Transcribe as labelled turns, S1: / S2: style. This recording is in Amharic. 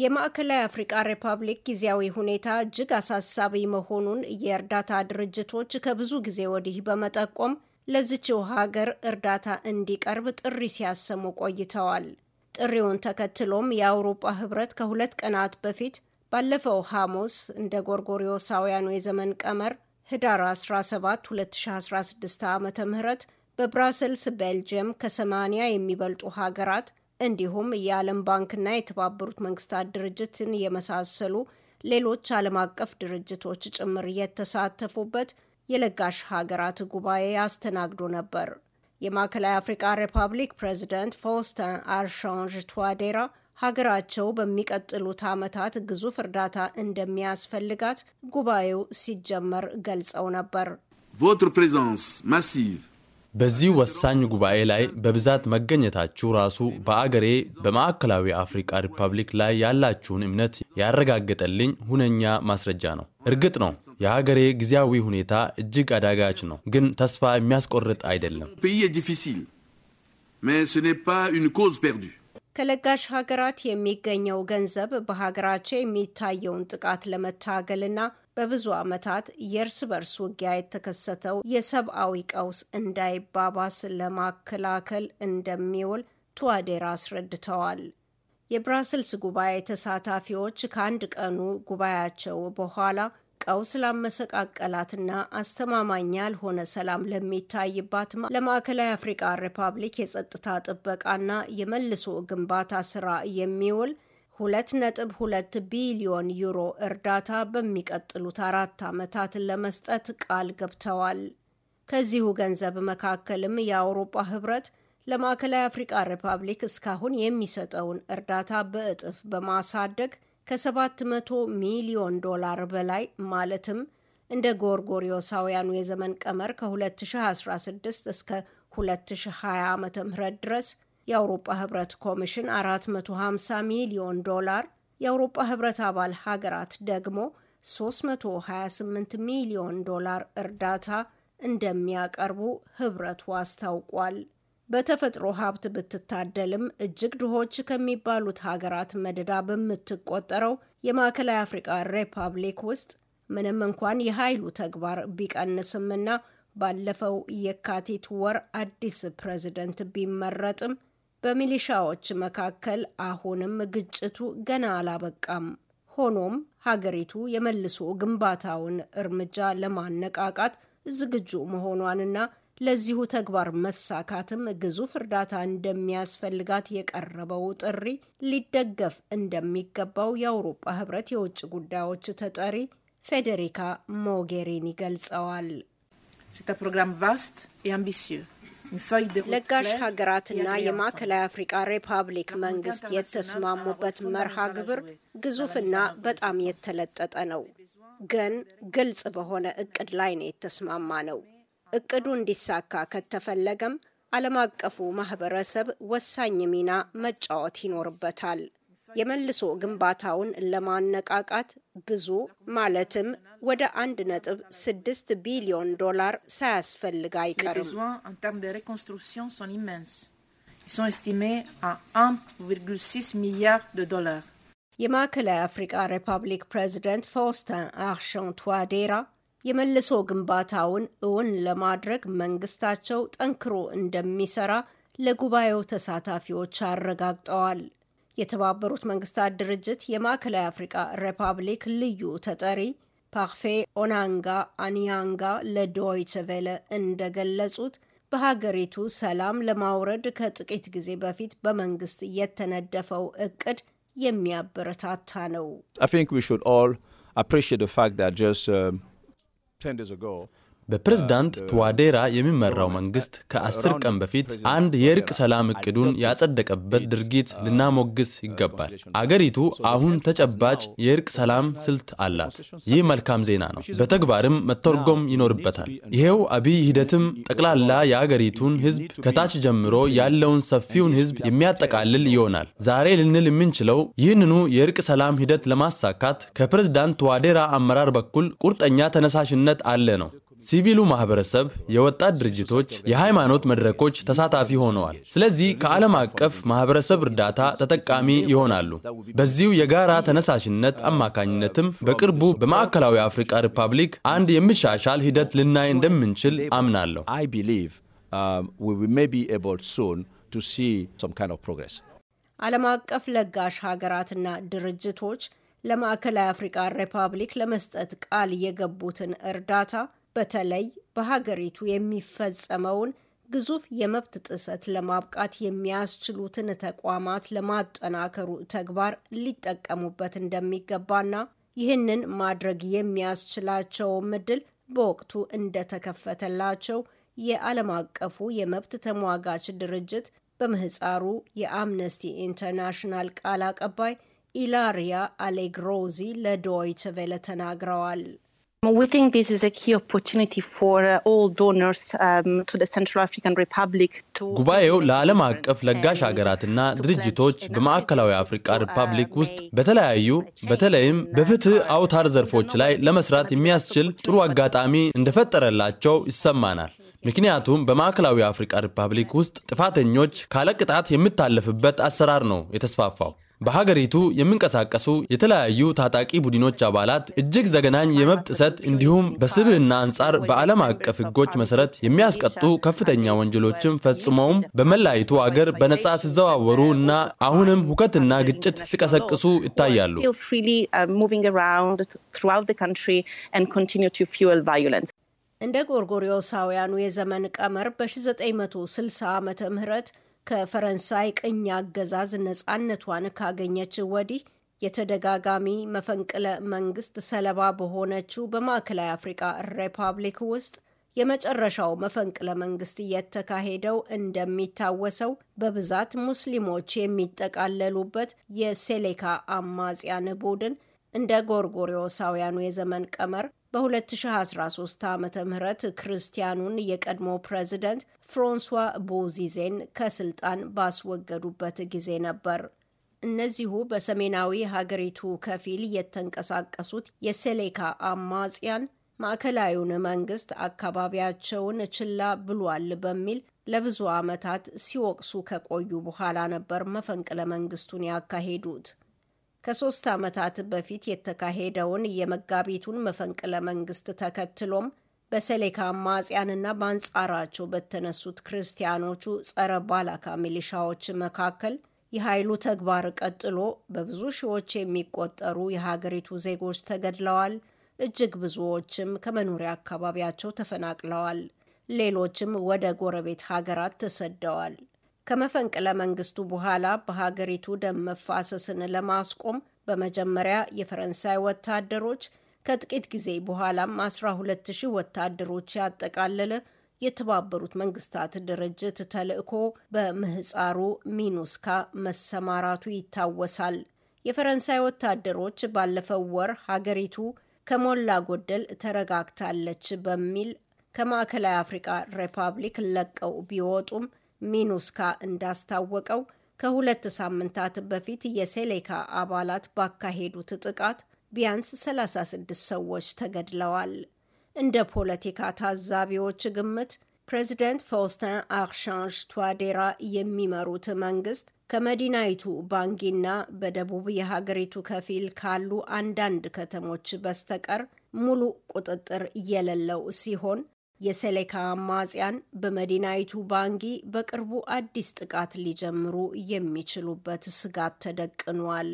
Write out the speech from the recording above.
S1: የማዕከላዊ አፍሪቃ ሪፐብሊክ ጊዜያዊ ሁኔታ እጅግ አሳሳቢ መሆኑን የእርዳታ ድርጅቶች ከብዙ ጊዜ ወዲህ በመጠቆም ለዚችው ሀገር እርዳታ እንዲቀርብ ጥሪ ሲያሰሙ ቆይተዋል። ጥሪውን ተከትሎም የአውሮፓ ህብረት ከሁለት ቀናት በፊት ባለፈው ሐሙስ እንደ ጎርጎሪዮሳውያኑ የዘመን ቀመር ህዳር 17 2016 ዓ ም በብራሰልስ ቤልጅየም ከ80 የሚበልጡ ሀገራት እንዲሁም የዓለም ባንክና የተባበሩት መንግስታት ድርጅትን የመሳሰሉ ሌሎች ዓለም አቀፍ ድርጅቶች ጭምር የተሳተፉበት የለጋሽ ሀገራት ጉባኤ አስተናግዶ ነበር። የማዕከላዊ አፍሪካ ሪፐብሊክ ፕሬዚደንት ፎስተን አርሻንጅ ቷዴራ ሀገራቸው በሚቀጥሉት ዓመታት ግዙፍ እርዳታ እንደሚያስፈልጋት ጉባኤው ሲጀመር ገልጸው ነበር።
S2: ቮትር ፕሬዘንስ ማሲቭ በዚህ ወሳኝ ጉባኤ ላይ በብዛት መገኘታችሁ ራሱ በአገሬ በማዕከላዊ አፍሪካ ሪፐብሊክ ላይ ያላችሁን እምነት ያረጋገጠልኝ ሁነኛ ማስረጃ ነው። እርግጥ ነው የሀገሬ ጊዜያዊ ሁኔታ እጅግ አዳጋች ነው፣ ግን ተስፋ የሚያስቆርጥ አይደለም።
S1: ከለጋሽ ሀገራት የሚገኘው ገንዘብ በሀገራቸው የሚታየውን ጥቃት ለመታገልና በብዙ ዓመታት የእርስ በርስ ውጊያ የተከሰተው የሰብአዊ ቀውስ እንዳይባባስ ለማከላከል እንደሚውል ቱዋዴራ አስረድተዋል። የብራስልስ ጉባኤ ተሳታፊዎች ከአንድ ቀኑ ጉባኤያቸው በኋላ ቀውስ ላመሰቃቀላትና አስተማማኝ ያልሆነ ሰላም ለሚታይባት ለማዕከላዊ አፍሪቃ ሪፐብሊክ የጸጥታ ጥበቃና የመልሶ ግንባታ ስራ የሚውል 2.2 ቢሊዮን ዩሮ እርዳታ በሚቀጥሉት አራት ዓመታት ለመስጠት ቃል ገብተዋል። ከዚሁ ገንዘብ መካከልም የአውሮፓ ህብረት ለማዕከላዊ አፍሪቃ ሪፐብሊክ እስካሁን የሚሰጠውን እርዳታ በእጥፍ በማሳደግ ከ700 ሚሊዮን ዶላር በላይ ማለትም እንደ ጎርጎሪዮሳውያኑ የዘመን ቀመር ከ2016 እስከ 2020 ም ድረስ የአውሮፓ ህብረት ኮሚሽን 450 ሚሊዮን ዶላር፣ የአውሮፓ ህብረት አባል ሀገራት ደግሞ 328 ሚሊዮን ዶላር እርዳታ እንደሚያቀርቡ ህብረቱ አስታውቋል። በተፈጥሮ ሀብት ብትታደልም እጅግ ድሆች ከሚባሉት ሀገራት መደዳ በምትቆጠረው የማዕከላዊ አፍሪቃ ሪፐብሊክ ውስጥ ምንም እንኳን የኃይሉ ተግባር ቢቀንስምና ባለፈው የካቲት ወር አዲስ ፕሬዝደንት ቢመረጥም በሚሊሻዎች መካከል አሁንም ግጭቱ ገና አላበቃም። ሆኖም ሀገሪቱ የመልሶ ግንባታውን እርምጃ ለማነቃቃት ዝግጁ መሆኗንና ለዚሁ ተግባር መሳካትም ግዙፍ እርዳታ እንደሚያስፈልጋት የቀረበው ጥሪ ሊደገፍ እንደሚገባው የአውሮፓ ሕብረት የውጭ ጉዳዮች ተጠሪ ፌዴሪካ ሞጌሪኒ ገልጸዋል። ፕሮግራም ቫስት ለጋሽ ሀገራትና የማዕከላዊ አፍሪካ ሪፐብሊክ መንግስት የተስማሙበት መርሃ ግብር ግዙፍና በጣም የተለጠጠ ነው፣ ግን ግልጽ በሆነ እቅድ ላይ ነው የተስማማ ነው። እቅዱ እንዲሳካ ከተፈለገም ዓለም አቀፉ ማህበረሰብ ወሳኝ ሚና መጫወት ይኖርበታል። የመልሶ ግንባታውን ለማነቃቃት ብዙ ማለትም ወደ 1.6 ቢሊዮን ዶላር ሳያስፈልግ አይቀርም። የማዕከላዊ አፍሪቃ ሪፐብሊክ ፕሬዚደንት ፎስተን አርሻን ቷዴራ የመልሶ ግንባታውን እውን ለማድረግ መንግስታቸው ጠንክሮ እንደሚሰራ ለጉባኤው ተሳታፊዎች አረጋግጠዋል። የተባበሩት መንግስታት ድርጅት የማዕከላዊ አፍሪቃ ሪፐብሊክ ልዩ ተጠሪ ፓርፌ ኦናንጋ አንያንጋ ለዶይቸ ቬለ እንደገለጹት በሀገሪቱ ሰላም ለማውረድ ከጥቂት ጊዜ በፊት በመንግስት የተነደፈው እቅድ የሚያበረታታ ነው።
S2: በፕሬዝዳንት ቱዋዴራ የሚመራው መንግስት ከአስር ቀን በፊት አንድ የእርቅ ሰላም እቅዱን ያጸደቀበት ድርጊት ልናሞግስ ይገባል። አገሪቱ አሁን ተጨባጭ የእርቅ ሰላም ስልት አላት። ይህ መልካም ዜና ነው። በተግባርም መተርጎም ይኖርበታል። ይሄው አብይ ሂደትም ጠቅላላ የአገሪቱን ህዝብ ከታች ጀምሮ ያለውን ሰፊውን ህዝብ የሚያጠቃልል ይሆናል። ዛሬ ልንል የምንችለው ይህንኑ የእርቅ ሰላም ሂደት ለማሳካት ከፕሬዝዳንት ቱዋዴራ አመራር በኩል ቁርጠኛ ተነሳሽነት አለ ነው። ሲቪሉ ማህበረሰብ፣ የወጣት ድርጅቶች፣ የሃይማኖት መድረኮች ተሳታፊ ሆነዋል። ስለዚህ ከዓለም አቀፍ ማህበረሰብ እርዳታ ተጠቃሚ ይሆናሉ። በዚሁ የጋራ ተነሳሽነት አማካኝነትም በቅርቡ በማዕከላዊ አፍሪካ ሪፐብሊክ አንድ የሚሻሻል ሂደት ልናይ እንደምንችል አምናለሁ። um,
S1: ዓለም አቀፍ ለጋሽ ሀገራትና ድርጅቶች ለማዕከላዊ አፍሪካ ሪፐብሊክ ለመስጠት ቃል የገቡትን እርዳታ በተለይ በሀገሪቱ የሚፈጸመውን ግዙፍ የመብት ጥሰት ለማብቃት የሚያስችሉትን ተቋማት ለማጠናከሩ ተግባር ሊጠቀሙበት እንደሚገባና ይህንን ማድረግ የሚያስችላቸውም እድል በወቅቱ እንደተከፈተላቸው የዓለም አቀፉ የመብት ተሟጋች ድርጅት በምህፃሩ የአምነስቲ ኢንተርናሽናል ቃል አቀባይ ኢላሪያ አሌግሮዚ ለዶይቸ ቬለ ተናግረዋል። We think this is a key opportunity for uh, all donors um, to the Central African Republic
S2: to ጉባኤው ለዓለም አቀፍ ለጋሽ ሀገራትና ድርጅቶች በማዕከላዊ አፍሪካ uh, ሪፐብሊክ ውስጥ በተለያዩ በተለይም uh, በፍትህ አውታር ዘርፎች ላይ ለመስራት የሚያስችል ጥሩ አጋጣሚ እንደፈጠረላቸው ይሰማናል። ምክንያቱም በማዕከላዊ አፍሪካ ሪፐብሊክ ውስጥ ጥፋተኞች ካለቅጣት የምታለፍበት አሰራር ነው የተስፋፋው። በሀገሪቱ የሚንቀሳቀሱ የተለያዩ ታጣቂ ቡድኖች አባላት እጅግ ዘገናኝ የመብት ጥሰት እንዲሁም በስብህና አንጻር በዓለም አቀፍ ሕጎች መሰረት የሚያስቀጡ ከፍተኛ ወንጀሎችን ፈጽመውም በመላይቱ አገር በነጻ ሲዘዋወሩ እና አሁንም ሁከትና ግጭት ሲቀሰቅሱ ይታያሉ።
S1: እንደ ጎርጎሪዮሳውያኑ የዘመን ቀመር በ1960 ዓ ም ከፈረንሳይ ቅኝ አገዛዝ ነፃነቷን ካገኘች ወዲህ የተደጋጋሚ መፈንቅለ መንግስት ሰለባ በሆነችው በማዕከላዊ አፍሪቃ ሪፐብሊክ ውስጥ የመጨረሻው መፈንቅለ መንግስት የተካሄደው እንደሚታወሰው በብዛት ሙስሊሞች የሚጠቃለሉበት የሴሌካ አማጽያን ቡድን እንደ ጎርጎሪዮሳውያኑ የዘመን ቀመር በ2013 ዓ ም ክርስቲያኑን የቀድሞ ፕሬዚደንት ፍሮንሷ ቦዚዜን ከስልጣን ባስወገዱበት ጊዜ ነበር። እነዚሁ በሰሜናዊ ሀገሪቱ ከፊል የተንቀሳቀሱት የሴሌካ አማጽያን ማዕከላዊውን መንግስት አካባቢያቸውን ችላ ብሏል በሚል ለብዙ ዓመታት ሲወቅሱ ከቆዩ በኋላ ነበር መፈንቅለ መንግስቱን ያካሄዱት። ከሶስት ዓመታት በፊት የተካሄደውን የመጋቢቱን መፈንቅለ መንግስት ተከትሎም በሰሌካ አማጽያንና በአንጻራቸው በተነሱት ክርስቲያኖቹ ጸረ ባላካ ሚሊሻዎች መካከል የኃይሉ ተግባር ቀጥሎ በብዙ ሺዎች የሚቆጠሩ የሀገሪቱ ዜጎች ተገድለዋል። እጅግ ብዙዎችም ከመኖሪያ አካባቢያቸው ተፈናቅለዋል። ሌሎችም ወደ ጎረቤት ሀገራት ተሰደዋል። ከመፈንቅለ መንግስቱ በኋላ በሀገሪቱ ደም መፋሰስን ለማስቆም በመጀመሪያ የፈረንሳይ ወታደሮች ከጥቂት ጊዜ በኋላም 12000 ወታደሮች ያጠቃለለ የተባበሩት መንግስታት ድርጅት ተልዕኮ በምህፃሩ ሚኑስካ መሰማራቱ ይታወሳል። የፈረንሳይ ወታደሮች ባለፈው ወር ሀገሪቱ ከሞላ ጎደል ተረጋግታለች በሚል ከማዕከላዊ አፍሪካ ሪፐብሊክ ለቀው ቢወጡም ሚኑስካ እንዳስታወቀው ከሁለት ሳምንታት በፊት የሴሌካ አባላት ባካሄዱት ጥቃት ቢያንስ 36 ሰዎች ተገድለዋል። እንደ ፖለቲካ ታዛቢዎች ግምት ፕሬዚደንት ፎስተን አርሻንጅ ቷዴራ የሚመሩት መንግስት ከመዲናይቱ ባንጊና በደቡብ የሀገሪቱ ከፊል ካሉ አንዳንድ ከተሞች በስተቀር ሙሉ ቁጥጥር የሌለው ሲሆን የሴሌካ አማጽያን በመዲናይቱ ባንጊ በቅርቡ አዲስ ጥቃት ሊጀምሩ የሚችሉበት ስጋት ተደቅኗል።